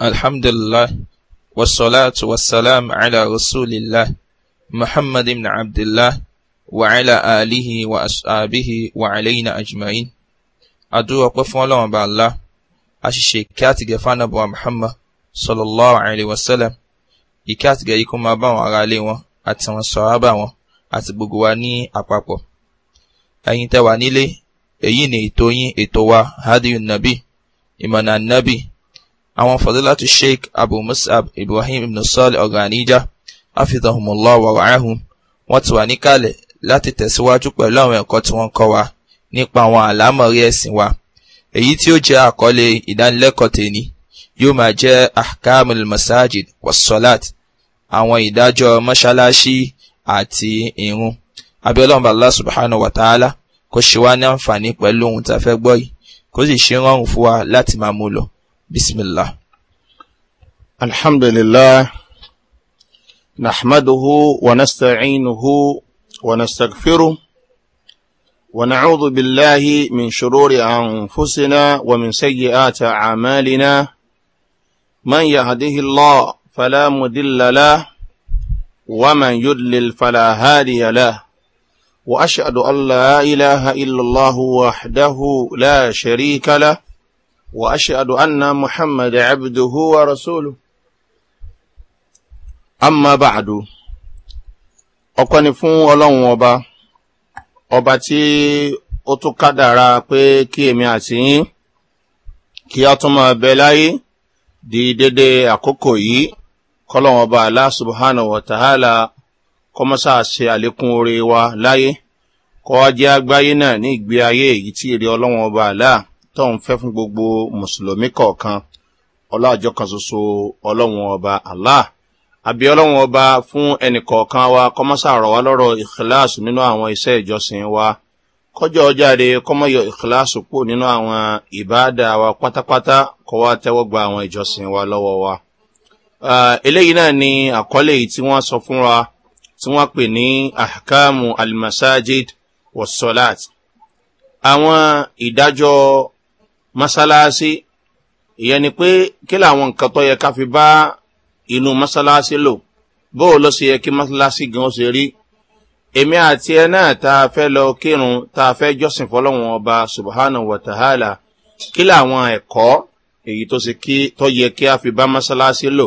الحمد لله والصلاة والسلام على رسول الله محمد بن عبد الله وعلى آله وأصحابه وعلينا أجمعين أدعو أقف الله بالله أشيشي كاتك فانا أبو محمد صلى الله عليه وسلم ìkẹ́ àtìgẹ́ yìí kó máa bá àwọn ará ilé wọn àti àwọn sọ̀rábà wọn àti gbogbo wa ní àpapọ̀. ẹ̀yin tẹ́ wà nílé èyí ni ètò yín ètò wa hadiyu nabi ìmọ̀nà nabi àwọn fadilatu sheikh abu musab ibrahim ibn salih ọ̀gáníjà afidahumullah wàhálàhùn wọ́n ti wà níkàlẹ̀ láti tẹ̀síwájú pẹ̀lú àwọn ẹ̀kọ́ tí wọ́n kọ́ wa nípa àwọn àlámọ̀rí ẹ̀sìn wa èyí tí ó jẹ́ àkọlé ìdánilẹ́kọ̀ọ́ tèní yóò máa jẹ́ ahkamul masajid wasolat àwọn ìdájọ́ mọ́ṣáláṣí àti irun abẹ́lọ́mọba allah subhanahu wa ta'ala kó ṣe wá ní àǹfààní pẹ̀lú ohun tá a fẹ́ gbọ́ yìí kó sì ṣe rọrùn fún wa láti máa mú lọ. بسم الله الحمد لله نحمده ونستعينه ونستغفره ونعوذ بالله من شرور أنفسنا ومن سيئات أعمالنا من يهده الله فلا مدل له ومن يدلل فلا هادي له وأشهد أن لا إله إلا الله وحده لا شريك له واشهد ان محمد عبده ورسوله اما بعد ọpẹni fún ọlọrun ọba ọba tí ó tún kádàra pé kí èmi àti yín kí a tún máa bẹ láyé di dédé àkókò yìí kọlọrun ọba aláṣubuhánà wàtàhálà kọmọsá ṣe àlékún oore wa láyé kọ́ ajé àgbáyé náà ní ìgbé ayé èyí tí èrè ọlọ́run ọba tó ń fẹ́ fún gbogbo mùsùlùmí kọ̀ọ̀kan ọlọ́àjọ kan ṣoṣo ọlọ́run ọba allah àbí ọlọ́run ọba fún ẹnìkọ̀ọ̀kan wa kọ́mọ́sà rọ̀ wá lọ́rọ̀ ìkìláàsì nínú àwọn iṣẹ́ ìjọsìn wa kọjọ́ ọjáde kọ́mọ́yọ ìkìláàsì kú nínú àwọn ìbáàdà wa pátápátá kọ́ wa tẹ́wọ́ gba àwọn ìjọsìn wa lọ́wọ́ wa. eléyìí náà ni àkọlé yìí tí wọ́n sọ fún wa tí wọ́n pè ní ahkamu almasajid wasolat àwọn ìdájọ́ mọ́sálásí ìyẹn ni pé kí làwọn nǹkan tó yẹ ká fi bá inú mọ́sálásí lò bóò ló ṣe yẹ kí mọ́sálásí gan ṣe rí èmi àti ẹ náà tá a fẹ́ lọ kírun tá a fẹ́ jọ́sìn fọlọ́wọn ọba subhanahu wa ta'ala kí làwọn ẹ̀kọ́ èyí tó ṣe kí tó yẹ kí a fi bá mọ́sálásí lò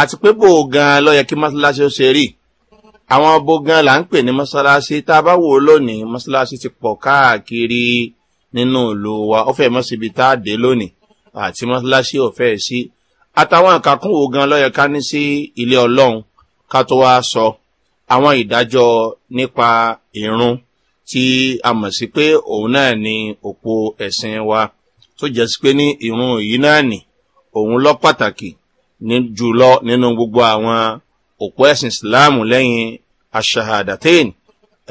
àti pé bò gan lọ yẹ kí mọ́sálásí ó ṣe rí àwọn bo gan là ń pè ní mọ́sálásí tá a bá wò ó lónìí mọ́sálásí ti pọ̀ káàkiri nínú ìlú wa ó fẹ́ mọ́ síbi tá a dé lónìí àti mọ́ṣáláṣí ò fẹ́ sí àtàwọn àkàkùn wo gan lọ́yẹ ká ní sí ilé ọlọ́run ká tó wá sọ àwọn ìdájọ́ nípa ìrún tí a mọ̀ sí pé òun náà ni òpó ẹ̀sìn wa tó jẹ́ sí pé ní ìrún yìí náà nì òun lọ pàtàkì jùlọ nínú gbogbo àwọn òpó ẹ̀sìn islam lẹ́yìn aṣahadatain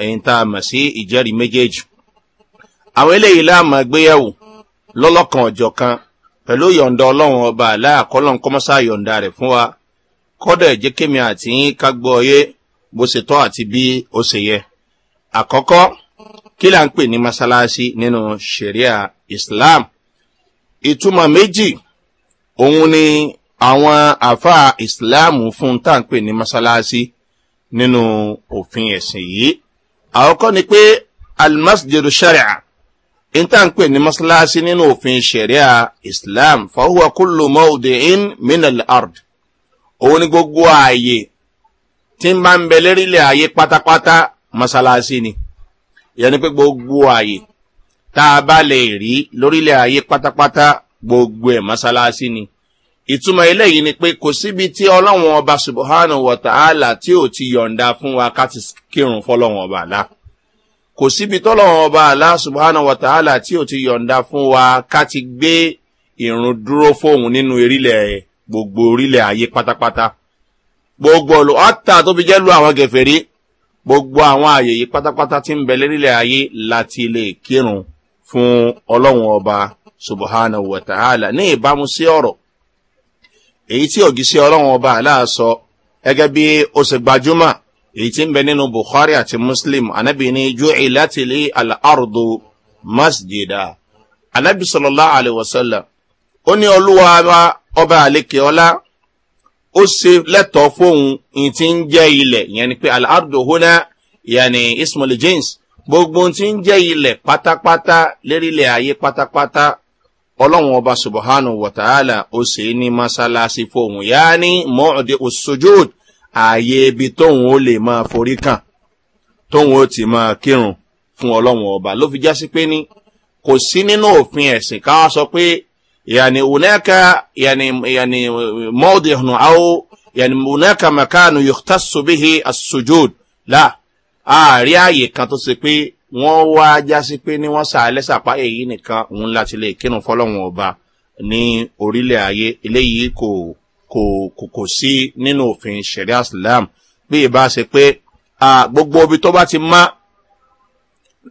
ẹ̀yìn tá a mọ̀ sí ìjẹ́rìí méjèèjì àwọn eléyìí láàmà gbéyàwó lọ́lọ́kan ọ̀jọ̀ kan pẹ̀lú yọ̀ǹda ọlọ́run ọba aláàkọ́lọ́n kọ́mọ́sá yọ̀ǹda rẹ̀ fún wa kọ́dọ̀ ẹ̀jẹ̀ kémi àti yín ká gbọ́ ọyé bó ṣe tọ́ àti bí ó ṣe yẹ. àkọ́kọ́ kí là ń pè ní masalasi nínú sharia islam ìtumọ̀ méjì òun ni àwọn àfa islam fún tá à ń pè ní masalasi nínú òfin ẹ̀sìn yìí àkọ́kọ́ ni pé almasjidu sharia intanpe ni masalasi nínú òfin sharia islam fahuwa kullu mawdi'in min al-ard òun ni gbogbo ààyè tí ń bá ń bẹ lérílẹ̀ ààyè pátápátá masalasi ni ìyẹn ni pé gbogbo ààyè tá a bá lè rí lórílẹ̀ ààyè pátápátá gbogbo ẹ̀ masalasi ni ìtumọ̀ eléyìí ni pé kò síbi tí ọlọ́run ọba subhanahu wa ta'ala tí ò ti yọ̀ǹda fún wa ká ti kírun fọlọ́run ọba àlá. kò síbi tọ́lọ́wọ́n ọba aláṣubhánà wàtàhálà tí o ti yọ̀ǹda fún wa ká ti gbé ìrùn dúró fóun nínú erílẹ̀ gbogbo orílẹ̀ ayé pátápátá gbogbo olù ọ́tà tó fi jẹ́ lu àwọn gẹ̀fẹ̀rí gbogbo àwọn àyè yìí pátápátá ti ń bẹ lérílẹ̀ ayé láti lè kírun fún ọlọ́wọ́n ọba subhana wàtàhálà ní ìbámu sí ọ̀rọ̀ èyí tí ògì sí ọlọ́wọ́n ọba aláṣọ gẹ́gẹ́ bí ó sì gbajúmọ̀ èyí tí ń bẹ nínú bukhari àti muslim anabi ní júwèé láti lé al'ardu masjida anabi sallallahu alayhi wa sallam ó ní olúwa ọba àlekè ọlá ó ṣe lẹ́tọ̀ọ́ fóun ní ti ń jẹ́ ilẹ̀ yẹn ni pé al'ardu hona yẹn ni ismail james gbogbo ti ń jẹ́ ilẹ̀ pátápátá lérílẹ̀ ayé pátápátá ọlọ́run ọba subahana wàtàhálà ó ṣe ní masalasi fóun yáa mọ́ọ̀dẹ́ òṣojú ààyè ibi tóun ó lè máa forí kàn tóun ó ti máa kírun fún ọlọ́run ọba ló fi jásí pé ní kò sí nínú òfin ẹ̀sìn káwá sọ pé yàní ònẹ́ka yàní yàní mọ́ọ̀dì ọ̀nà àwọ̀ yàní ònẹ́ka mẹ́kánù yòókùtà sobihi asojod là àárí ààyè kan tó ṣe pé wọ́n wá jásí pé ní wọ́n sàálẹ̀ sàpá èyí nìkan òun láti lè kírun fọlọ́run ọba ní orílẹ̀ ayé eléyìí kò. kò kò kò sí nínú òfin sharia islam bí ìbá ṣe pé gbogbo ibi tó bá ti má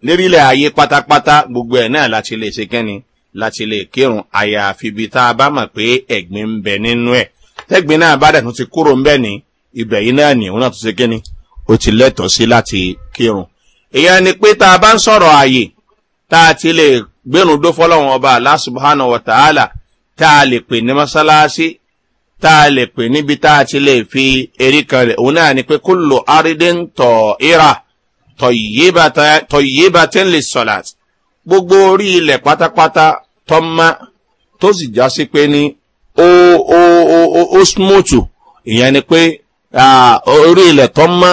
lérílẹ̀ ayé pátápátá gbogbo ẹ̀ náà láti lè ṣe kẹ́ni láti lè kírun àyàfi ibi tá a bá mọ̀ pé ẹ̀gbin ń bẹ nínú ẹ̀ tẹ́gbin náà bá dẹ̀tún ti kúrò ń bẹ̀ ní ibẹ̀ yìí náà ní òun náà tó ṣe kẹ́ni ó ti lẹ́tọ̀ọ́ sí láti kírun. ìyẹn ni pé tá a bá ń sọ̀rọ̀ àyè tá a ti lè gbẹ́rùndó fọlọ́wọn ọba aláṣubuhánà wọ̀tàhálà tá a lè pè ní mọ́sálásí tá a lè pè níbi tá a ti lè fi erí kan lẹ̀ òun náà ni pé kúlò àrídín tọ̀ ìrà tọ̀yébàtẹ́ lè sọ̀làt gbogbo orí ilẹ̀ pátápátá tọ́mọ́ tó sì já sí pé ní ó ó ó ó smootu ìyẹn ni pé orí ilẹ̀ tọ́mọ́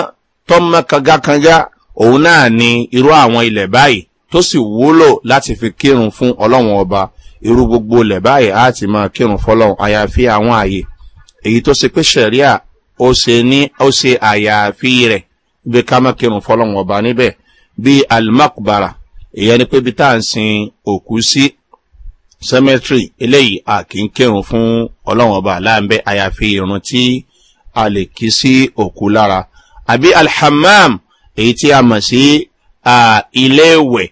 tọ́mọ́ kangakanga òun náà ni irú àwọn ilẹ̀ báyìí tó sì wúlò láti fi kírun fún ọlọ́run ọba irú gbogbo ilẹ̀ báyìí á ti máa kírun fọlọ́run àyàfi àwọn àyè èyí tó ṣe pé sẹ̀ríà ó ṣe ní ó ṣe àyàfi rẹ̀ bí ká má kírun fọlọ́wọn ọba níbẹ̀ bí alimakubara ìyẹn ni pé bí tá à ń sin òkú sí cemetery eléyìí a kì í kírun fún ọlọ́wọn ọba láǹbẹ̀ àyàfi irun tí a lè kí sí òkú lára àbí alhamam èyí tí a mọ̀ sí ilé ìwẹ̀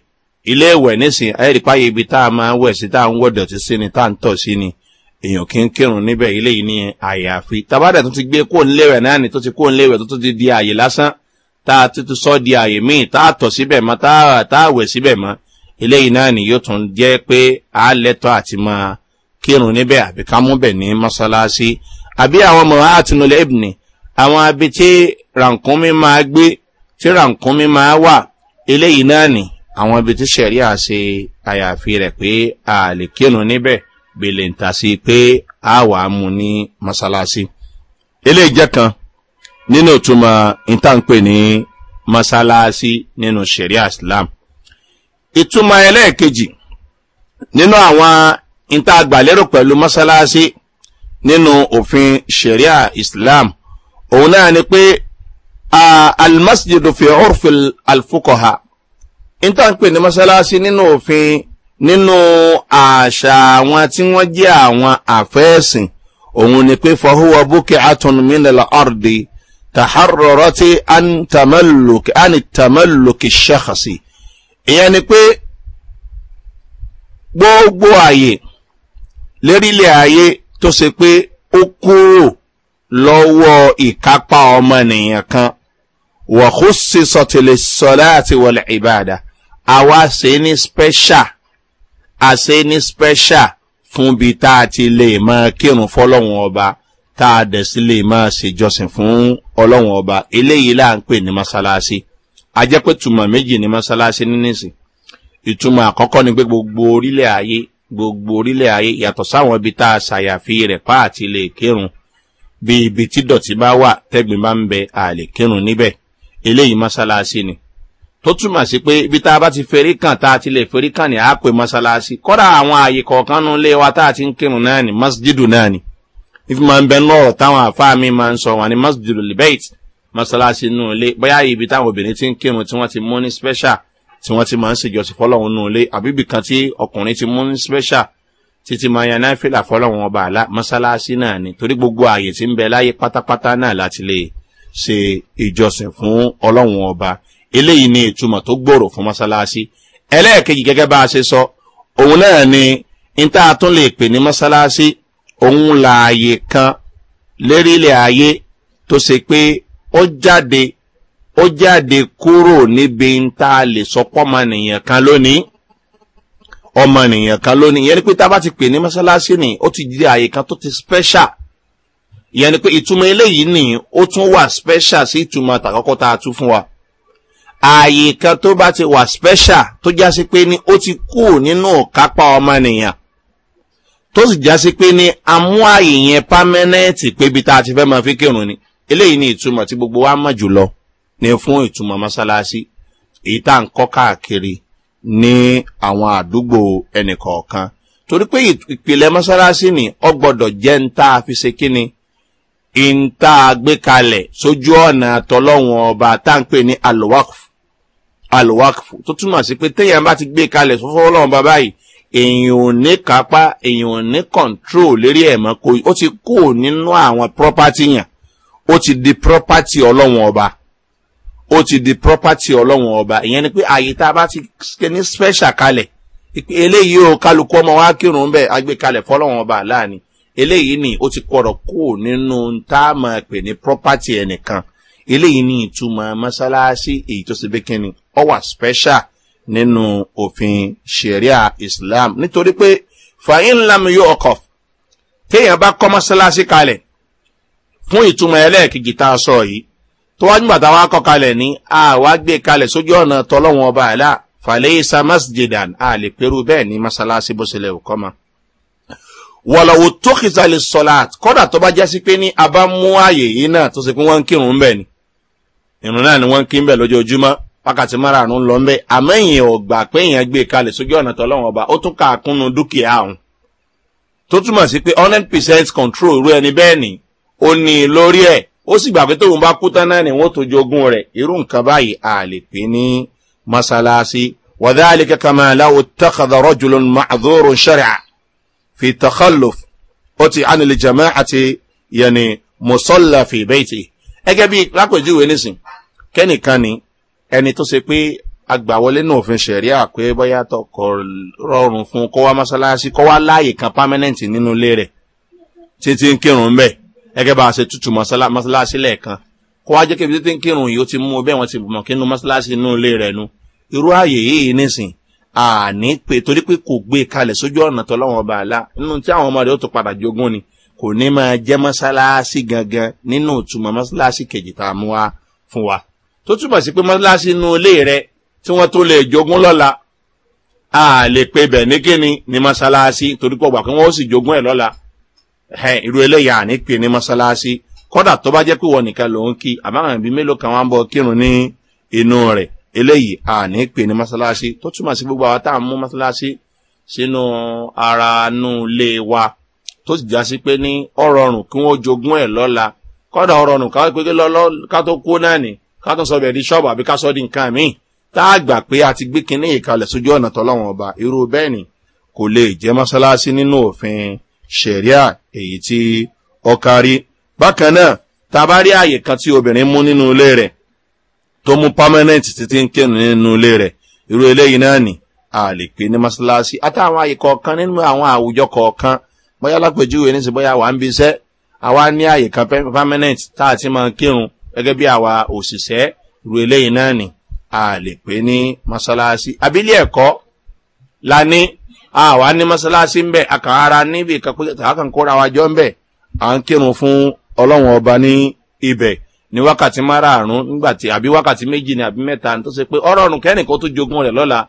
ilé ìwẹ̀ nísìnyí ayé ìdípáyé ibi tá a máa ń wẹ̀ sí tá a ń wẹ̀ dọ̀tí sí ni tá a ń tọ̀ sí ni èèyàn kí ń kírun níbẹ̀ ilé yìí ní àyàfi tabadà tó ti gbé kó ń léwẹ̀ náà ni tó ti kó ń léwẹ̀ tó tó ti di àyè lásán tá a ti sọ di àyè míì tá a tọ̀ síbẹ̀ mọ́ tá a wẹ̀ síbẹ̀ mọ́ ilé yìí náà ni yóò tún jẹ́ pé a lẹ́tọ̀ àti máa kírun níbẹ̀ àbí ká mú bẹ̀ ní mọ́ṣáláṣí àbí àwọn ọmọ àtinúlẹ̀ ìbìnì àwọn abi tí rànkúnmí máa gbé tí rànkúnmí máa wà ilé yìí náà ni àwọn ibi tí sẹ̀ríà ṣe àyàfi rẹ̀ pé a lè kírun níbẹ̀ gbèlèǹta pe a wàá mu ní mọ́sálásí. eléyìí jẹ́ kan nínú ìtumọ̀ ìtànpè ní mọ́sálásí nínú sharia islam. ìtumọ̀ ẹlẹ́ẹ̀kejì nínú àwọn ìtàgbàlérò pẹ̀lú mọ́sálásí nínú òfin sharia islam òun náà ni pé almasjidu fi urfi alfukoha ìtànpè ní mọ́sálásí nínú òfin nínú àṣà àwọn tí wọ́n jẹ́ àwọn àfẹ́ẹ̀sìn òun ni pé fọwọ́ bókè àtúnmílẹ̀ ọ̀rọ̀dì tàhárọ̀rọ̀ tí ànìtàmẹ́lòkè ṣẹ́kàsì ìyẹn ni pé gbogbo àyè lérílẹ̀ ayé tó ṣe pé ó kúrò lọ́wọ́ ìkápá ọmọnìyàn kan wọ̀húsí sọtìlẹ̀ sọlá àti wọlé ìbàdà àwa ṣe ní special a ṣe ní special fún bí tá a ti lè máa kírun fọlọ́wọ́n ọba tá a dẹ̀ sí lè máa ṣèjọsìn fún ọlọ́wọ́n ọba eléyìí là ń pè ní mọ́ṣáláṣí a pé tùmọ̀ méjì ní mọ́ṣáláṣí nínísìn ìtumọ̀ àkọ́kọ́ ni pé gbogbo orílẹ̀ ayé gbogbo orílẹ̀ ayé yàtọ̀ sáwọn ibi tá a ṣàyàfi rẹ̀ pa àti lè kírun bí ibi tí dọ̀tí bá wà tẹ́gbìn bá ń bẹ àlè kírun níbẹ̀ eléyìí mọ́ṣáláṣí ni tó túmọ̀ sí pé ibi tá a bá ti ferí kàn tá a ti lè ferí kàn ní àápè mọ́ṣáláṣí kọ́dà àwọn ààyè kọ̀ọ̀kan nu ilé wa tá a ti ń kírun náà ni masjidu náà ni ifi máa ń bẹ lọ́rọ̀ táwọn àfáà mi máa ń sọ wọn ni masjidu libet mọ́ṣáláṣí nu ilé bóyá ibi táwọn obìnrin ti ń kírun tí wọ́n ti mú ní special tí wọ́n ti máa ń ṣèjọsìn fọlọ́run nu ilé àbí ibì kan tí ọkùnrin ti mú ní special títí máa yan náà fìlà fọlọ́run ọba àlá mọ́ṣáláṣí náà ni torí gbogbo ààyè ti ń bẹ láyé eléyìí ni ìtumọ̀ tó gbòòrò fún mọ́sálásí ẹlẹ́ẹ̀kejì gẹ́gẹ́ bá a ṣe sọ òun náà ni níta tún lè pè ní mọ́sálásí òun lààyè kan lérílẹ̀ ayé tó ṣe pé ó jáde ó jáde kúrò níbi níta lè sọ pọ́mọnìyàn kan lónìí ọmọnìyàn kan lónìí ìyẹn ni pé tá a bá ti pè ní mọ́sálásí ni ó ti di àyè kan tó ti special ìyẹn ni pé ìtumọ̀ eléyìí ni ó tún wà special sí ìtumọ̀ àtàkọ́kọ́ tá a tú fún wa ààyè kan tó bá ti wà special tó jásí pé ní ó ti kú nínú kápá ọmọnìyàn tó sì jásí pé ní amú ààyè yẹn pámẹ́nẹ́ẹ̀tì pé ibi tá a ti fẹ́ máa fi kírun ni eléyìí ní ìtumọ̀ tí gbogbo wa mọ̀ jùlọ ní fún ìtumọ̀ mọ́sálásí èyí tá à ń kọ́ káàkiri ní àwọn àdúgbò ẹnìkọ̀ọ̀kan torí pé ìpìlẹ̀ mọ́sálásí ni ọ gbọ́dọ̀ jẹ́ ń tá a fi ṣe kíni ń tá a gbé kalẹ̀ sójú ọ̀nà àtọ́lọ́wọ̀n ọba tá ní alowakfu alwakfu tó túmọ̀ sí pé téèyàn bá ti gbé kalẹ̀ fọ́fọ́ bàbá yìí èèyàn ò ní kápá èèyàn ò ní control lérí ẹ̀ mọ́ kó ó ti kó nínú àwọn property yẹn ó ti di property ọlọ́run ọba ó ti di property ọlọ́run ọba ìyẹn ni pé àyè tá a bá ti ní special kalẹ̀ eléyìí o kálukú ọmọ wa kírun bẹ́ẹ̀ agbékalẹ̀ fọlọ́run ọba láàánú eléyìí ni ó ti kọ̀rọ̀ kó nínú tá a máa pè ní property ẹnìkan eléyìí ni ìtumọ̀ mọ́sálásí èyí tó ṣe bí kíni ọ special nínú òfin sharia islam nítorí pé fàyín lam yóò ọkọ̀ téèyàn bá kọ́ mọ́sálásí kalẹ̀ fún ìtumọ̀ ẹlẹ́ẹ̀kejì tá a sọ yìí tó wájú bàtà wa kọ́ kalẹ̀ ní àwa gbé kalẹ̀ sójú ọ̀nà tọ́lọ́wọ́n ọba àlá fàlẹ́yìísá masjidan a lè pẹ̀rú bẹ́ẹ̀ ní mọ́sálásí bó ṣẹlẹ̀ òkọ́ ma. wọ̀lọ̀wò tó kìsà lè sọ̀lá kọ́dà tó bá jásí pé ní abámú yìí náà tó ṣe pé wọ́n ń kírun bẹ́ẹ̀ ni ìrùn náà ni wọ́n ń kí bẹ́ẹ̀ lójoojúmọ́ wákàtí márààrún lọ ń bẹ àmọ́ èèyàn ò gbà pé èèyàn gbé e kalẹ̀ sójú ọ̀nà tọ́lọ́wọ́n ọba ó tún ká àkúnnu dúkìá ọ̀hún tó túmọ̀ sí pé hundred percent control irú ẹni bẹ́ẹ̀ ni ó ní i lórí ẹ̀ ó sì gbà pé tóun bá kú tán náà ni wọ́n tó jogún rẹ̀ irú nǹkan báyìí a lè pè ní masalasi wàdáàlì kankan máa láwo takadọ̀rọ̀ jùlọ màdúró sẹ́rẹ̀ fi takalluf ó ti ànilè jama àti yẹni musalla fi bẹ́ẹ̀ ti ẹgẹ́ bí lápèjúwe nísìn kẹ́nìkan ni ẹni tó ṣe pé agbàwọlé náà sharia ṣẹ̀rí àpé bóyá tọkọ rọrùn fún kó wá mọ́ṣáláṣí kó wá láàyè kan pámẹ́nẹ́ǹtì nínú ilé rẹ̀ títí ń kírun ń bẹ̀ bá a ṣe tútù mọ́ṣáláṣí lẹ́ẹ̀kan kó títí ń kírun yìí ti mú bẹ́ẹ̀ wọ́n ti mọ̀ kínú mọ́ṣáláṣí nínú ilé rẹ̀ nu irú ààyè yìí nísìn àní pé torí pé kò gbé kalẹ̀ sójú ọ̀nà a tí àwọn ọmọ tó padà jogún ni kò ní máa jẹ́ masalasi gangan nínú kejì tó túbọ̀ sí pé mọ́sálásí inú ilé rẹ tí wọ́n tó lè jogún lọ́la a lè pe bẹ̀ ní kíni ní mọ́sálásí torí pọ̀ gbà kí wọ́n sì jogún ẹ̀ lọ́la irú eléyà àní pè ní mọ́sálásí kọ́dà tó bá jẹ́ pé wọ́n nìkan lòún kí àbáwọn ìbí mélòó kan wá ń bọ kírun ní inú rẹ̀ eléyìí àní pè ní mọ́sálásí tó túmọ̀ sí gbogbo àwọn tá à ń mú mọ́sálásí sínú ara inú ilé wa tó sì já sí pé ní ọ̀rọ̀rùn kí wọ́n jogún ẹ̀ lọ́la kọ́dà ọ̀rọ̀rùn ká tó kú náà nìí ká tó sọ bẹ̀ di ṣọ́ọ̀bù àbí ká sọ di nǹkan míì tá a gbà pé a ti gbé kinní ìkalẹ̀ sójú ọ̀nà tọ́lọ́wọ̀n ọba irú bẹ́ẹ̀ ni kò lè jẹ́ mọ́sálásí nínú òfin ṣẹ̀ríà èyí tí ọ kárí. bákan náà tá a bá rí àyè kan tí obìnrin mú nínú ilé rẹ̀ tó mú permanent títí ń kírun nínú ilé rẹ̀ irú eléyìí náà ni a lè pè ní mọ́sálásí àtàwọn àyè kọ̀ọ̀kan nínú àwọn àwùjọ kọ̀ọ̀kan bóyá lápèjúwe ní bóyá wà ń bí àwa ní àyè kan permanent tá a ti máa kírun gẹ́gẹ́ bí àwa òṣìṣẹ́ ru eléyìí náà ni a lè pè ní mọ́ṣáláṣí abílẹ̀ ẹ̀kọ́ la ní àwa ní mọ́ṣáláṣí ń bẹ̀ akàn ara níbi ìkàkùn kóra wa jọ ń bẹ̀ à ń kírun fún ọlọ́run ọba ní ibẹ̀ ní wákàtí márààrún nígbàtí àbí wákàtí méjì ni àbí mẹ́ta tó ṣe pé ọ̀rọ̀ ọ̀run kẹ́nìkan tó jogún rẹ̀ lọ́la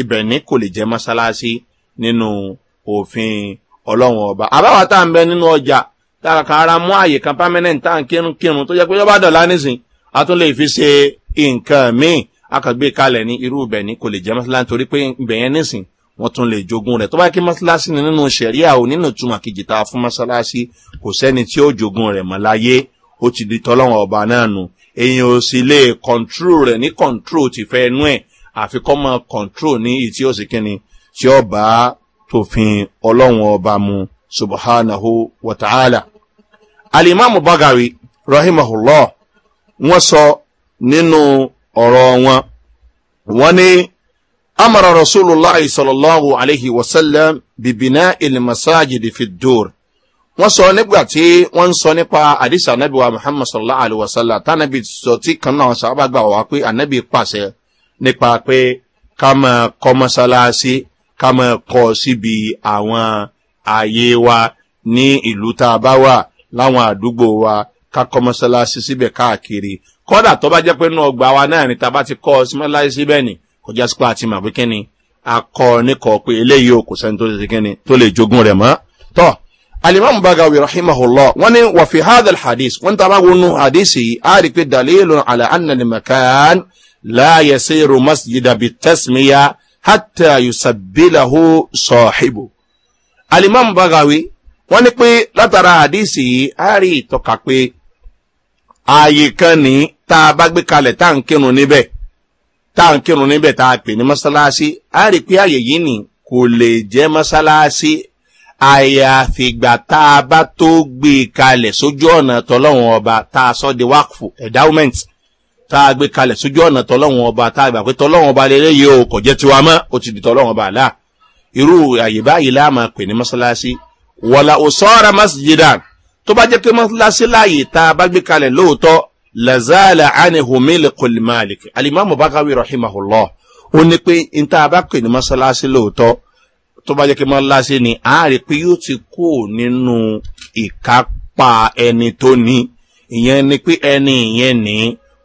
ibẹ̀ ní kò lè jẹ́ mọ́ṣáláṣí nínú òfin ọlọ́run ọba àbáwá tá à ń bẹ nínú ọjà kàkà ara mú àyè kan permanent tá à ń kírun kírun tó yẹ pé yọba dọ̀la nísìn a tún lè fi ṣe nǹkan míì akàgbé kalẹ̀ ní irú ibẹ̀ ní kò lè jẹ́ mọ́sálá nítorí pé ibẹ̀ yẹn nísìn wọ́n tún lè jogun rẹ̀ tó bá kí mọ́sálásí ni nínú sẹ̀ríà ò nínú túmọ̀ kejì tá a fún mọ́sálásí kò sẹ́ni tí ó jogun rẹ̀ mọ́ láyé ó ti di tọ́lọ́wọ̀n ọba náà nù èèyàn ò sì lè kọ̀ǹtró rẹ̀ ní kọ̀ǹtró ti fẹ́ inú ẹ̀ àfikọ́ mọ́ kọ̀ǹtró ní ìtí ó sì kíni tí ó tòfin ọlọ́wọ̀n ọba mu subahánahu wàtàhálà alimami bagawi rahimahullah wọ́n sọ nínú ọ̀rọ̀ wọn wọ́n ní amara rasulillah sallallahu alayhi wa sallam bibina ilmasajidi fi dùr wọ́n sọ nígbà tí wọ́n sọ nípa àdìsá anabi wa muhammad sallallahu alayhi wa sallam tánàbí sọ tí kan náà sábà gbà wá pé anabi pàṣẹ nípa pé ká máa kọ́ mọ́sálásí ká máa kọ́ síbi àwọn ààyè wa ní ìlú tá a bá wà láwọn àdúgbò wa ká kọ́ mọ́sálásí síbẹ̀ káàkiri kọ́dà tó bá jẹ́ pé inú ọgbà wa náà ni tàbá ti kọ́ mọ́sálásí síbẹ̀ ni kò jẹ́ sípò àti màbí kínni akọ níkọ̀ pé eléyìí ò kò sẹ́ni tó ti kínni tó lè jogun rẹ̀ mọ́ tọ́ alimami bagawi rahimahullah wọn ni wàfi hadal hadith wọn tàbá wọnú hadith yìí a rí pé dalilu ala anani makan láàyè sèrò masjid abi tasmiya hatta yusabilahu sọ̀hibu alimami bagawi wọ́n ní pé látara àdìsí yìí á rí ìtọ́ka pé ààyè kan ní tá a bá gbé kalẹ̀ tá à ń kírun níbẹ̀ tá à ń kírun níbẹ̀ tá a pè ní mọ́sálásí á rí pé ààyè yìí nì kò lè jẹ́ mọ́sálásí àyàfìgbà tá a bá tó gbé kalẹ̀ sójú ọ̀nà tọ́lọ́wọ̀n ọba tá a sọ di wákùfù endowment tá a gbé kalẹ̀ sójú ọ̀nà tọ́lọ́wọ̀n ọba tá a gbà pé tọ́lọ́wọ̀n ọba lè léyìí o kò jẹ́ tiwa mọ́ o ti di tọ́lọ́wọ̀n ọba àlá irú àyè báyìí láàmà pè ní mọ́sálásí wọ̀là òsọ́ra masjidan tó bá jẹ́ pé mọ́sálásí láàyè tá a bá gbé kalẹ̀ lóòótọ́ lazala anihumil kulimalik alimami bakawi rahimahullah ó ní pé n tá a bá pè ní mọ́sálásí lóòótọ́ tó bá jẹ́ pé mọ́sálásí ni a rí pé yóò ti kó nínú ìkápá ẹni tó ní ìyẹn ni pé ẹni ìyẹn ní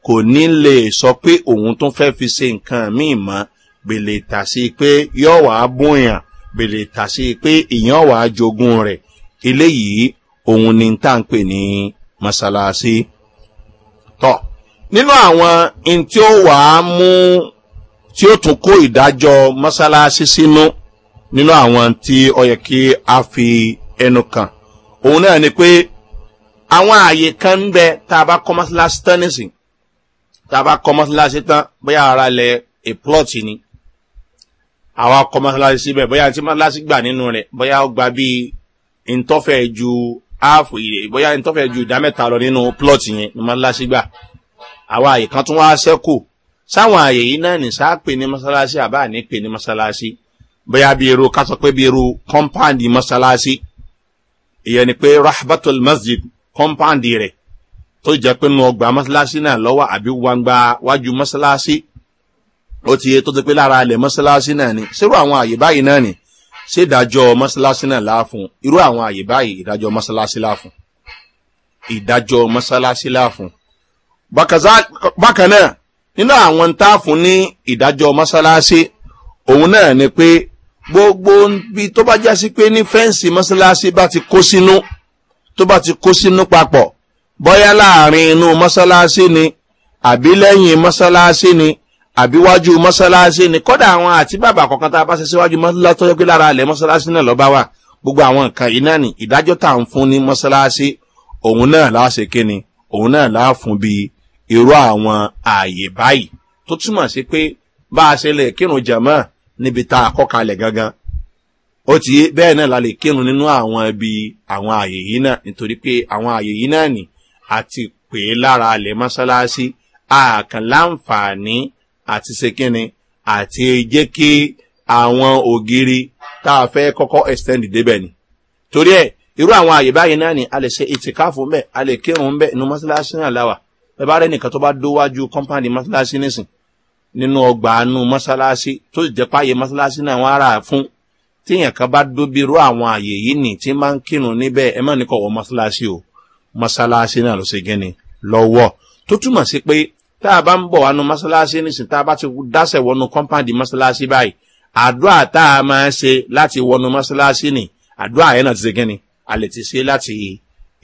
kò ní lè sọ pé òun tó fẹ́ fi ṣe nǹkan míì mọ́ gbèlè tà sí pé yọ̀ wá bóyá bèrè tàṣe pé èèyàn wà á jogún rẹ̀ eléyìí òun ni tá ń pè ní mọ́sálásí. tọ́ nínú àwọn in tí ó wà á mú tí ó tún kó ìdájọ́ mọ́sálásí sínú nínú àwọn tí ọ yẹ kí a fi ẹnu kàn òun náà ni pé àwọn ààyè kan ń bẹ tá a bá kọ́ mọ́sálásí tán nísìn tá a bá kọ́ mọ́sálásí tán bóyá ara lẹ èplọ́ọ̀tì ni àwa kọ́ mọ́sálásí síbẹ̀ bóyá tí mọ́sálásí gbà nínú rẹ̀ bóyá ó gba bíi ntọ́fẹ̀ ju áàfù yìí bóyá ntọ́fẹ̀ ju ìdá mẹ́ta lọ nínú plọ̀tì yẹn ní mọ́sálásí gbà àwa àyè kan tún wá sẹ́kù sáwọn àyè yìí náà ní sáàpè ní mọ́sálásí àbá ànípè ní mọ́sálásí bóyá bí irú ká pé bí irú kọ́mpáǹdì mọ́sálásí ìyẹn ni pé rahbatul masjid kọ́mpáǹdì rẹ̀ tó jẹ́ pé nù ọgbà mọ́sálásí náà lọ́wọ́ àbí wangba wájú mọ́sálásí ó ti yẹ tó ti pé lára alẹ̀ mọ́ṣáláṣí náà ni ṣerú àwọn àyè báyìí náà ni ṣé ìdájọ́ mọ́ṣáláṣí náà láàfún irú àwọn àyè báyìí ìdájọ́ mọ́ṣáláṣí láàfún ìdájọ́ mọ́ṣáláṣí láàfún bákan náà nínú àwọn ń táàfún ní ìdájọ́ mọ́ṣáláṣí òun náà ni pé gbogbo bí tó bá jásí pé ní fẹ́ǹsì mọ́ṣáláṣí bá ti kó sínú tó bá ti kó sínú papọ̀ bọ́yá láàrin inú mọ́ṣáláṣí ni àbí lẹ́yìn mọ́ṣáláṣí ni àbíwájú mọ́sálásí ni kọ́dà àwọn àti bàbà kọ̀ọ̀kan tá a bá ṣe síwájú mọ́sálásí tó yẹ pé lára ilẹ̀ mọ́sálásí náà lọ́ba wa gbogbo àwọn nǹkan iná ni ìdájọ́ tá à ń fún ní mọ́sálásí òun náà láṣẹ kíni òun náà láàfún bí irú àwọn ààyè báyìí tó túmọ̀ sí pé bá a ṣe lè kírun jàmọ́ níbi tá a kọ́ kalẹ̀ gangan ó ti bẹ́ẹ̀ náà la lè kírun nínú àwọn ibi àwọn ààyè yìí náà nítorí pé àwọn ààyè yìí náà ni àti pè é lára ilẹ̀ mọ́sálásí àkànláǹfààní àti sekínni àti jẹ́ kí àwọn ògiri tá a fẹ́ kọ́kọ́ extend débẹ̀ ni torí ẹ̀ irú àwọn àyè báyìí náà ni a lè ṣe ìtìkáfù mbẹ a lè kírun mbẹ inú mọ́ṣáláṣí náà láwà bẹ́ẹ̀ bá rẹ̀ nìkan tó bá dówájú kọ́mpáàdì mọ́ṣáláṣí nísìn nínú ọgbà inú mọ́ṣáláṣí tó sì jẹ́ páyé mọ́ṣáláṣí náà wọ́n ara fún tíyàn kan bá dóbi irú àwọn àyè yìí nì tí máa ń kírun níbẹ̀ ẹ má nìkan wọ mọ́ṣáláṣí o mọ́ṣáláṣí náà ló ṣe gẹ́ni lọ́wọ́ tó túmọ̀ sí pé tá a bá ń bọ̀ wánú mọ́ṣáláṣí nísìn tá a bá ti dáṣẹ̀ wọnú kọ́ńpáàdì mọ́ṣáláṣí báyìí àdúrà tá a máa ṣe láti wọnú mọ́ṣáláṣí ni àdúrà yẹn náà ti ṣe kíni a lè ti ṣe láti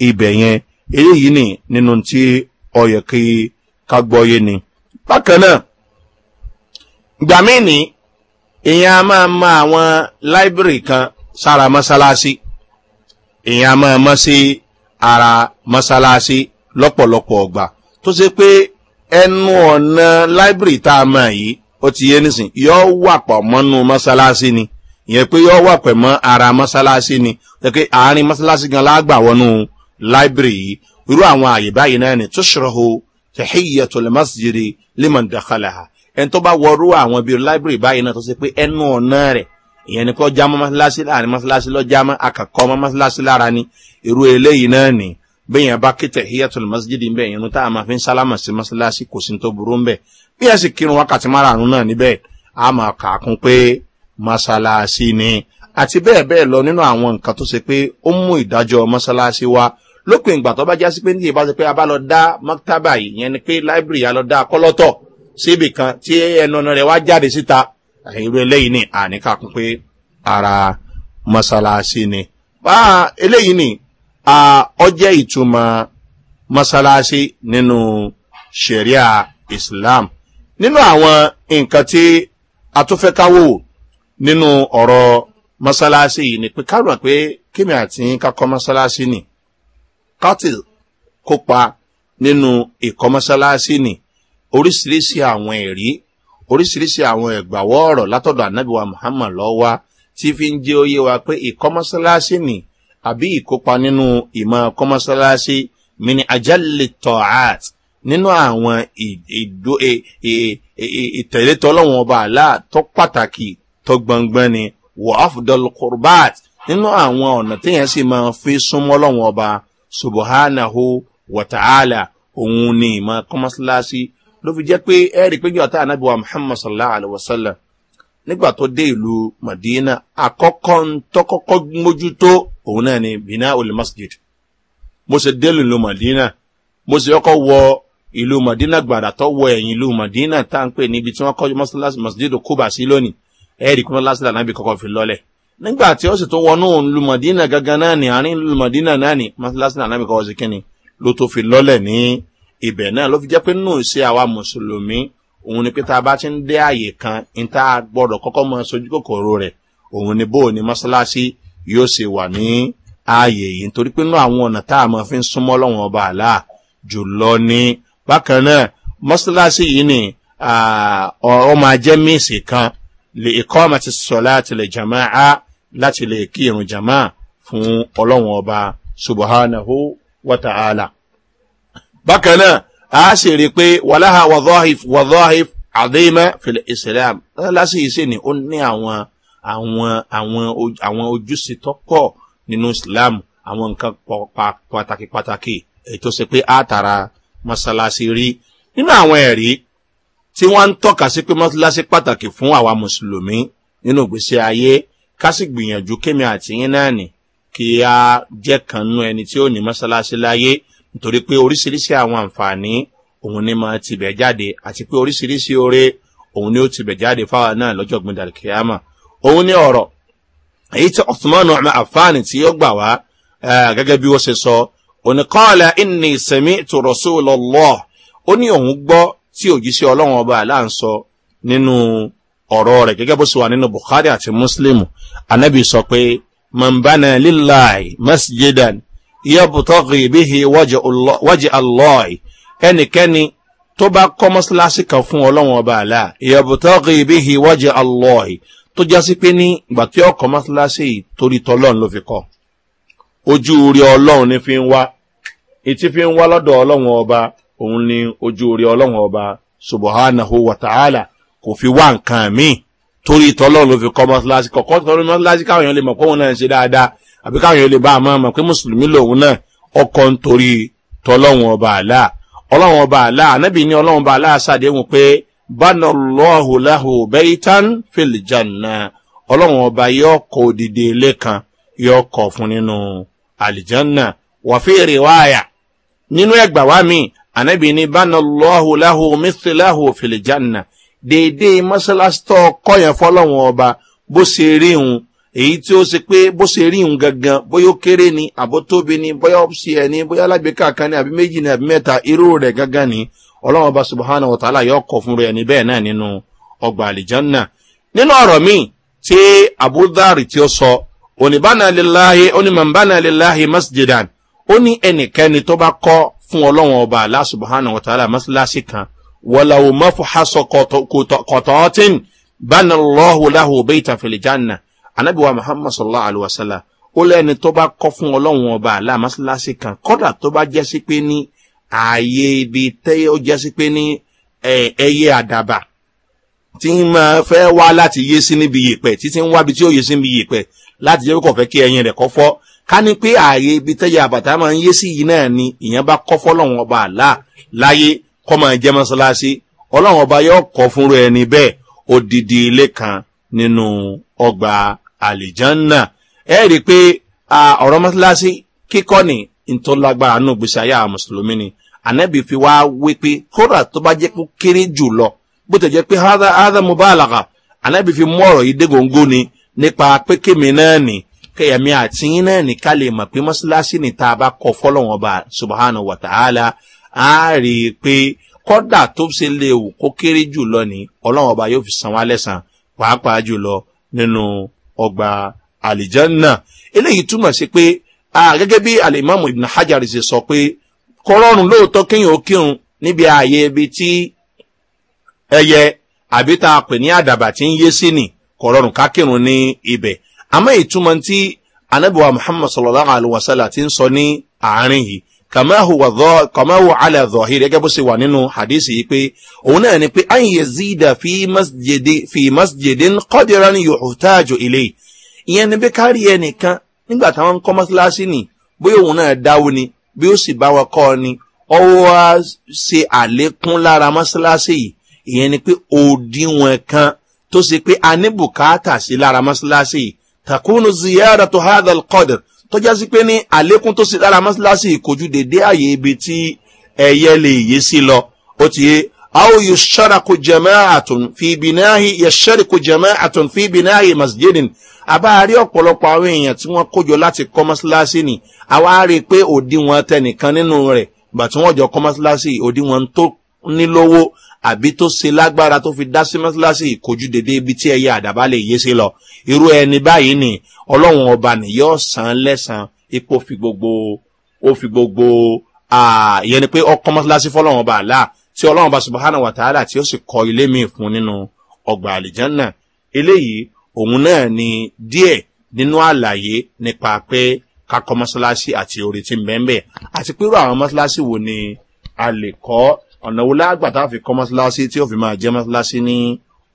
ibẹ̀ yẹn eléyìí ni nínú tí ọyọ̀ kí ká gbọ́yé ni. bákan náà gbàmíìnì ìyẹn a máa ma àwọn láìbírì kan sára mọ́ṣáláṣí ìyẹn a máa mọ́ sí ara masalasi lọ́pọ̀lọpọ̀ ọgbà tó ṣe pé ẹnu ọ̀nà láìbírì tá a mọ̀ yìí ó ti yé nísìn yọ wà pọ̀ mọ́nú mọ́sálásí ni ìyẹn pé yọ wà pẹ̀ mọ́ ara mọ́sálásí ni ó pé àárín mọ́sálásí gan lágbà wọnú láìbírì yìí irú àwọn àyè báyìí náà ni tó ṣòro tẹ̀híyẹ̀tò lè mọ́sídìrì lẹ́mọ̀n dàkàlà ẹni tó bá wọrú àwọn bíi láìbírì báyìí náà tó ṣe pé ẹnu ọ̀nà rẹ̀ ìyẹn ni kọ́ jámọ́ mọ́sálásí láàrin mọ́sálásí lọ́ jámọ́ akàkọ́ mọ́ mọ́sálásí lára ni irú eléyìí náà ni bẹ́ẹ̀ yẹn bá kẹtẹ̀ hiyatul masjid ń bẹ̀ yẹnu tá fi ń sálámà sí masalasi kò sí tó burú ń bẹ̀ bí a sì kírun wákàtí márùn-ún náà níbẹ̀ a máa pé masalasi ni àti bẹ́ẹ̀ bẹ́ẹ̀ lọ nínú àwọn nǹkan tó ṣe pé ó mú ìdájọ́ masalasi wa lópin ìgbà tó bá já sí pé ní ìbá ṣe pé a lọ dá maktaba yìí yẹn ni pé library a lọ dá kọ́lọ́tọ̀ síbì kan tí ẹnu rẹ̀ wá jáde síta irú eléyìí ni àníkà pé ara masalasi ni. bá eléyìí ni A ọjẹ́ ìtumọ̀ masalasi nínú Sharia islam nínú àwọn nǹkan tí a tún fẹ́ káwò nínú ọ̀rọ̀ mọ́sálásí yìí ni pé kárọ̀ pé kíni àti kakọ́ mọ́sálásí nì kátìl kópa nínú ìkọ́ mọ́sálásí nì oríṣiríṣi àwọn ẹ̀rí oríṣiríṣi àwọn ẹ̀gbàwọ́ ọ̀rọ̀ látọ̀dọ̀ anábìwá muhammad lọ́wọ́ tí fi ń jẹ́ oyé wa pé ìkọ́ mọ́sálásí nì àbí ìkópa nínú ìmọ̀ kọ́mọ́sálásí mini ajali tọ́át nínú àwọn e, e, e, ìtẹ̀lẹ́tọ̀ ọlọ́wọ́n ọba àlá tó pàtàkì tó gbọ̀ngbọ̀n ni wọ́ọ̀fdọ́l kurbat nínú àwọn ọ̀nà téèyàn sì máa fi súnmọ́ ọlọ́wọ́n ọba subahánahu wàtàálà òun ni ìmọ̀ kọ́mọ́sálásí ló fi jẹ́ pé ẹ̀rí pé yọ̀tá anábìwá muhammad sallallahu alayhi wa sallam nígbà tó dé ìlú madina àkọ́kọ́ ń tọ́kọ́kọ́ mójútó òun náà ni bina ul masjid mo ṣe délù ìlú madina mo ṣe ọkọ wọ ìlú madina gbàdà tó wọ ẹ̀yìn ìlú madina tá n pè níbi tí wọ́n kọ́ mọ́sálásí masjid kúbà sí lónìí ẹ̀ẹ́dì kúmọ́ lásìlá náà bí kọ́kọ́ fi lọ́lẹ̀ nígbà tí ó sì tún wọnú ìlú madina gangan náà ni àárín ìlú madina náà ni mọ́sálásí náà bí kọ́kọ́ sí kíni ló tó fi lọ́lẹ̀ ní ibẹ̀ náà ló fi jẹ́ pé nù sí àwa mùsùlùmí òun ni pé tá a bá ti ń dé àyè kan ní tá a gbọ́dọ̀ kọ́kọ́ mọ sojú kòkòrò rẹ̀ òun ni bóò ni mọ́sálásí yóò ṣe wà ní ààyè yìí nítorí pé nínú àwọn ọ̀nà tá a mọ̀ fi ń súnmọ́ lọ́wọ́n ọba àlá jùlọ ní bákan náà mọ́ṣáláṣí yìí ni ọ̀rọ̀ máa jẹ́ míìsì kan lè kọ́ ọmọ ti sọ láti lè jàmá á láti lè kí irun jàmá fún ọlọ́wọ́n ọba subahánahu wàtàhálà. bákan náà a sì rí i pé wàláhà wàdọ́hìf wàdọ́hìf àdéhìmẹ́ fìlẹ̀ ìsìlẹ̀ láṣìí sí ni ó ní àwọn àwọn àwọn àwọn ojúṣe tó pọ̀ nínú islam àwọn nǹkan pàtàkì pàtàkì èyí tó ṣe pé àtàrà mọ́ṣáláṣí rí nínú àwọn ẹ̀rí tí wọ́n ń tọ́ka sí pé mọ́ṣáláṣí pàtàkì fún àwa mùsùlùmí nínú ìgbésí ayé ká sì gbìyànjú kémi àti yín náà nì kí a jẹ́ kan nú ẹni tí ó ní mọ́ṣáláṣí láyé nítorí pé oríṣiríṣi àwọn àǹfààní òun ni máa tibẹ̀ jáde àti pé oríṣiríṣi oore òun ni ó tibẹ̀ jáde fáwa náà lọ́jọ́ gbẹ̀dàkíyàmà òun ní ọ̀rọ̀ èyí tí ọ̀túnmọ́nù ọmọ àfáàní tí ó gbà wá gẹ́gẹ́ bí ó ṣe sọ oníkọ́ọ̀lá ìní ìsẹ̀mí ìtòrọ̀sọ lọ́lọ́ ó ní òun gbọ́ tí òjíṣẹ́ ọlọ́run ọba àlá ń sọ nínú ọ̀rọ̀ rẹ̀ gẹ́gẹ́ bó ṣe wà nínú bukhari àti muslim anabi sọ pé mambana lilai masjidan yabutọ́gì bíhi wájì allah ẹnikẹ́ni tó bá kọ́ mọ́ṣáláṣí kan fún ọlọ́run ọba àlá yabutọ́gì bíhi wájì allah tó jásí pé ní ìgbà tí ọkọ̀ mọ́sálásí yìí torí tọlọ́run ló fi kọ́ ojú orí ọlọ́run ní fi ń wá etí fi ń wá lọ́dọ̀ ọlọ́run ọba òun ni ojú orí ọlọ́run ọba subahánahu wàtàhálà kò fi wá nǹkan míì torí tọlọ́run ló fi kọ́ mọ́sálásí kọ̀kọ́ tọrọ mọ́sálásí káwọn èèyàn lè mọ̀ pé òun náà ń ṣe dáadáa àbí káwọn èèyàn lè bá a máa mọ̀ pé mùsùlùmí lòun náà ọkọ̀ ń torí tọlọ́run ọba àlà ọlọ́run ọba àlà ànábì ní ọlọ́run ọba àlà ṣàdéhùn pé banallahu lahu baitan fil janna ọlọ́run ọba yóò kọ òdìdí kan yóò kọ fún nínú alijanna wàfíìrì wáyà nínú ẹgbà wa mi anabi ni banallahu lahu mithlahu fil janna déédéé mọ́ṣáláṣí tó kọ́yàn fọlọ́run ọba bó ṣe rí òun èyí tí ó ṣe pé bó ṣe rí òun gangan bóyá ó kéré ni àbó tóbi ni bóyá ó ṣe ẹ̀ ni bóyá alágbèéká kan ni àbí méjì ni àbí mẹ́ta irú rẹ̀ gangan ni ọlọ́run ọba subhanahu wa ta'ala yóò kọ fún rẹ ní bẹ́ẹ̀ náà nínú ọgbà àlìjánná nínú ọ̀rọ̀ míì tí abudari tí ó sọ oníbánaliláhi onímọ̀nbánaliláhi masjidan ó ní ẹnikẹ́ni tó bá kọ́ fún ọlọ́run ọba alá subhanahu wa ta'ala masilasi kan wọláwo mọ́fù hasọ kọ̀tọ́tín bánà lọ́hùláhù bẹ́ẹ̀tà fìlìjánná anabiwa muhammad sallallahu alaihi wa sallam ó lẹ́ni tó bá kọ́ fún ọlọ́run ọba alá masilasi kan kọ́dà tó bá jẹ́ pé ní ààyè ibi tẹ́ ó jẹ́ sí pé ní ẹyẹ àdàbà tí ń máa fẹ́ wá láti yé sí níbi yèpẹ̀ títí ń wábi tí ó yé sí níbi yèpẹ̀ láti jẹ́ kó fẹ́ kí ẹyin rẹ̀ kọ́ fọ́ ká ní pé ààyè ibi tẹ́yẹ àbàtà máa ń yé sí yìí náà ni ìyẹn bá kọ́ lọ́wọ́n ọba àlá láyé kọ́ máa jẹ́ mọ́ṣáláṣí ọlọ́wọ́n ọba yóò kọ́ fúnra ẹni bẹ́ẹ̀ odidi ilé kan nínú ọgbà àlìjánná ẹ rí i pé ọ̀rọ̀ mọ́ṣáláṣí kíkọ́ ni ntọ́lágbára náà gbèsè ayé àwọn mùsùlùmí ni ànábì fi wá wé pé kódà tó bá jẹ́ pé kéré jù lọ bó tẹ̀ jẹ́ pé hádà mo bá àlàkà ànábì fi mú ọ̀rọ̀ yìí dé góńgó ni nípa pé kémi náà nì kẹyàmí àti yín náà nì ká lè mọ̀ pé mọ́ṣáláṣí ni tá a bá kọ fọ́lọ́wọ́n ọba subahana wa ta'ala á rí i pé kódà tó ṣe lè wù kó kéré jù lọ ni ọlọ́wọ́n ọba yóò fi san wá lẹ́sàn pàápàá jù lọ nínú ọgbà àlìjẹ́ náà eléyìí túmọ̀ sí pé gẹ́gẹ́ bí alimami ibn hajar ṣe sọ pé kọ́rọ́rùn lóòótọ́ kéèyàn ó kírun níbi ààyè ibi tí ẹyẹ àbí tá a pè ní àdàbà tí ń yé sí ni kọ́rọ́rùn ká kírun ní ibẹ̀ àmọ́ ìtumọ̀ tí anabiwa muhammad sallallahu alaihi ti ń sọ ní àárín yìí kàmáwò alẹ́ zọ̀hìrì gẹ́gẹ́ bó ṣe wà nínú hadisi yìí pé òun náà ni pé an zida fi masjidin kọ́dìrán yòòtájò ilé ìyẹn ni bí kárí ẹnìkan nígbà táwọn ń kọ́ mọ́sálásí nì bóyá òun náà dáwó ni bí ó sì bá wa kọ́ ọ ni ọwọ́ á ṣe àlékún lára mọ́sálásí yìí ìyẹn ni pé òdiwọ̀n kan tó ṣe pé a ní bùkátà sí lára mọ́sálásí yìí takunu ziyara to hadal qadr tọ́já sí pé ní àlékún tó ṣe lára mọ́sálásí yìí kojú dédé àyè ibi tí ẹ̀yẹ lè yé sí lọ ó ti yé aw yusharaku jama'atun fi binahi yusharaku jama'atun fi binahi masjidin àbá rí ọ̀pọ̀lọpọ̀ àwọn èèyàn tí wọ́n kójọ láti kọ́ mọ́ṣáláṣí ni àwa rí i pé òdiwọ̀n tẹnìkan nínú rẹ̀ gbà tí wọ́n jọ kọ́ mọ́ṣáláṣí òdiwọ̀n tó nílówó àbí tó ṣe lágbára tó fi dá sí mọ́ṣáláṣí ìkojú dédé ibi tí ẹyẹ àdàbà lè yé sí lọ irú ẹni báyìí ni ọlọ́run ọba ni yóò san lẹ́sàn ipò fi gbogbo ó fi gbogbo ìyẹn ni pé ọkọ mọ́ṣáláṣí fọlọ́run ọba àlá tí ọlọ́run ọba subahana wàtàhálà òun náà ni díẹ̀ nínú àlàyé nípa pé kakọ mọ́ṣáláṣí àti orí ti mẹ́mẹ́ àti pírò àwọn mọ́ṣáláṣí wo ni a lè kọ́ ọ̀nà wo lágbàtà fi kọ́ mọ́ṣáláṣí tí ó fi máa jẹ́ mọ́ṣáláṣí ní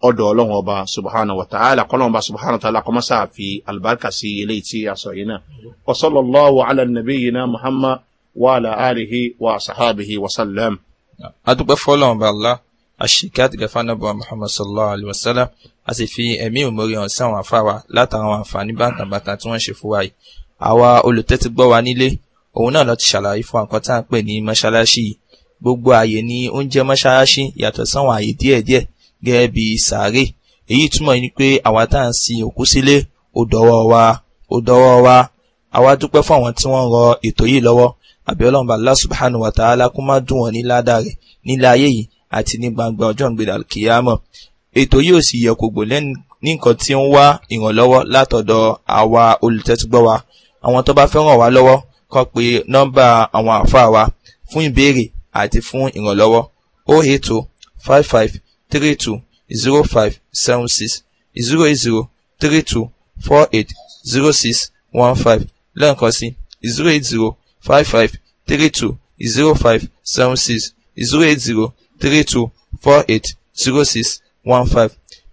ọ̀dọ̀ ọlọ́run ọba subhanahu wa ta'ala kọ́lọ́run ọba subhanahu wa ta'ala kọ́ mọ́ṣá fi albarka sí ilé tí a sọ yìí náà wasallallahu ala nabi yìí náà muhammad wa ala alihi wa sahabihi wa sallam. adúgbò fọlọ́n ọba allah àṣìkà tìgẹ̀fà náà bọ̀ muhammad sallallahu alayhi wa sallam a sì fi ẹ̀mí òmòrè hàn sí àwọn àfa wa látara àwọn àǹfààní bàtàbàtà tí wọ́n ṣe fún wa yìí àwa olùtẹ́tí gbọ́ wa nílé òun náà lọ ti ṣàlàyé fún àkọ́ tá à ń pè ní mọ́ṣáláṣí yìí gbogbo ààyè ni ó ń jẹ́ mọ́ṣáláṣí yàtọ̀ sáwọn ààyè díẹ̀díẹ̀ gẹ́gẹ́ bí sàárè èyí túmọ̀ ní pé àwa tá à ń sin òkú sílé ó dọwọ́ wa ó dọwọ́ wa àwa dúpẹ́ fún àwọn tí wa ta'ala kó má dùn wọ́n ní ládàá rẹ̀ nílé ayé yìí àti ní gbangba ètò yóò sì yẹ kó gbò lẹ́nu ní nǹkan tí ń wá ìrànlọ́wọ́ látọ̀dọ̀ àwa olùtẹ́túgbọ́ wa àwọn tó bá fẹ́ ràn wá lọ́wọ́ kan pé nọ́mbà àwọn àfáà wa fún ìbéèrè àti fún ìrànlọ́wọ́ 080 55 32 05 76 00 32 48 06 15 lẹ́ẹ̀kan sí zero 55 32 05 76 080 32 48 06 one five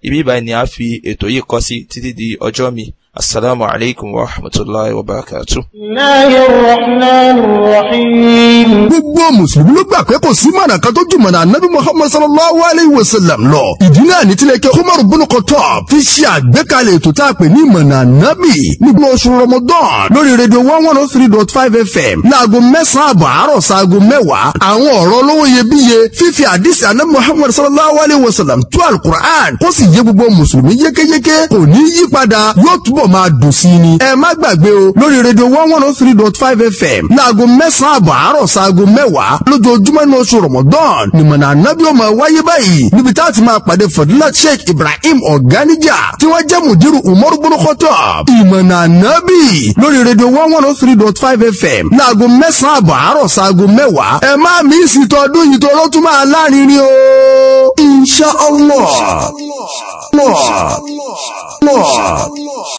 ibi báyìí ni a fi ètò yìí kọ́ sí títí di ọjọ́ mi السلام عليكم ورحمة الله وبركاته الله الرحمن الرحيم gbogbo mùsùlùmí ló gbà pé kò sí mọ̀nà kan tó jùmọ̀ náà nábì muhammad sallallahu alayhi wa sallam lọ ìdí náà ní tilẹ̀ kí umaru bin Khattab fi ṣe àgbékalẹ̀ ètò tá a pè ní ìmọ̀nà nábì nígbà oṣù ramadan lórí rédíò one one oh three dot five fm láago mẹ́sàn-án àbọ̀ àárọ̀ sáago mẹ́wàá àwọn ọ̀rọ̀ olówó iyebíye fífi àdìsí ànábì muhammad sallallahu alayhi wa sallam tú alukur'an kó sì yé gbogbo mùsùlùmí yékéyéké kò ní yípadà yóò túb túbọ̀ máa dùn sí i ni. ẹ má gbàgbé o lórí rédíò one one oh three dot five fm láago mẹ́sàn-án àbọ̀ àárọ̀ ṣaago mẹ́wàá lójoojúmọ́ ní oṣù rọ̀mọ́dán nìmọ̀nà ànábì ó máa wáyé báyìí níbi tá a ti máa pàdé fadilat sheikh ibrahim ọ̀gánìjà tí wọ́n jẹ́ mùdírù umar gbólókọ́tọ̀ ìmọ̀nà ànábì lórí rédíò one one oh three dot five fm láago mẹ́sàn-án àbọ̀ àárọ̀ ṣaago mẹ́wàá ẹ má mi sì tọdún yìí tó lọ́tún máa lárinrin o insha allah. Allah.